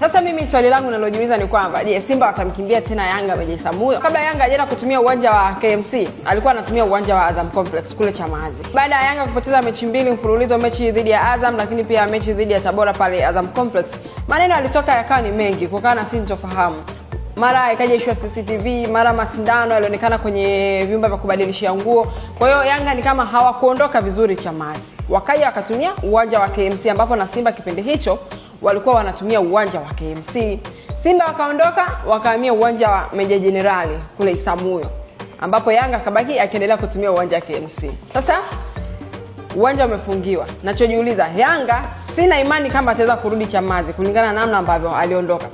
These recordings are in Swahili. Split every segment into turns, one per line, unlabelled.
Sasa mimi swali langu nalojiuliza ni kwamba je, Simba watamkimbia tena Yanga Bajaisamuyo? Kabla Yanga hajaenda kutumia uwanja wa KMC alikuwa anatumia uwanja wa Azam Complex kule Chamazi. Baada ya Yanga kupoteza mechi mbili mfululizo, mechi dhidi ya Azam lakini pia mechi dhidi ya Tabora pale Azam Complex, maneno yalitoka yakawa ni mengi kutokana na sintofahamu mara ikaja ishu ya CCTV, mara masindano yalionekana kwenye vyumba vya kubadilishia nguo. Kwa hiyo Yanga ni kama hawakuondoka vizuri Chamazi, wakaja wakatumia uwanja wa KMC ambapo na Simba kipindi hicho walikuwa wanatumia uwanja wa KMC. Simba wakaondoka wakahamia uwanja wa Meja Jenerali kule Isamuyo, ambapo Yanga akabaki akiendelea kutumia uwanja wa KMC. Sasa uwanja umefungiwa, nachojiuliza Yanga, sina imani kama ataweza kurudi Chamazi kulingana na namna ambavyo aliondoka.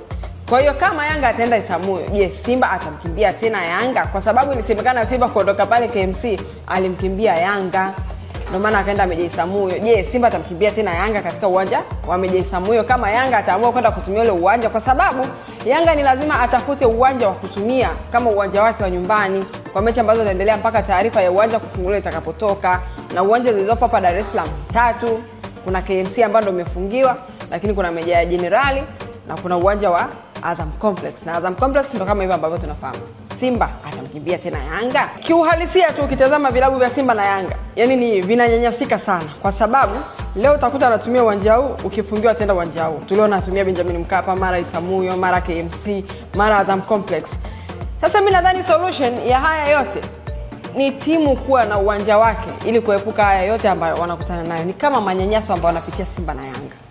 Kwa hiyo kama Yanga ataenda Isamuyo, je, Simba atamkimbia tena Yanga? Kwa sababu ilisemekana Simba kuondoka pale KMC alimkimbia Yanga ndio maana akaenda Ameja Samuyo. Je, Simba atamkimbia tena Yanga katika uwanja wa Ameja Samuyo kama Yanga ataamua kwenda kutumia ule uwanja? Kwa sababu Yanga ni lazima atafute uwanja wa kutumia kama uwanja wake wa nyumbani kwa mechi ambazo zinaendelea mpaka taarifa ya uwanja kufunguliwa itakapotoka, na uwanja zilizopo hapa Dar es Salaam tatu, kuna KMC ambayo ndio imefungiwa, lakini kuna Meja ya Jenerali na kuna uwanja wa Azam Complex, na Azam Complex ndo kama hivyo ambavyo tunafahamu. Simba atamkimbia tena Yanga? Kiuhalisia tu ukitazama vilabu vya Simba na Yanga yani ni vinanyanyasika sana, kwa sababu leo utakuta anatumia uwanja huu, ukifungiwa tenda uwanja huu. tulio anatumia Benjamin Mkapa, mara Isamuyo, mara KMC, mara Azam Complex. Sasa mi nadhani solution ya haya yote ni timu kuwa na uwanja wake ili kuepuka haya yote ambayo wanakutana nayo, ni kama manyanyaso ambayo wanapitia Simba na Yanga.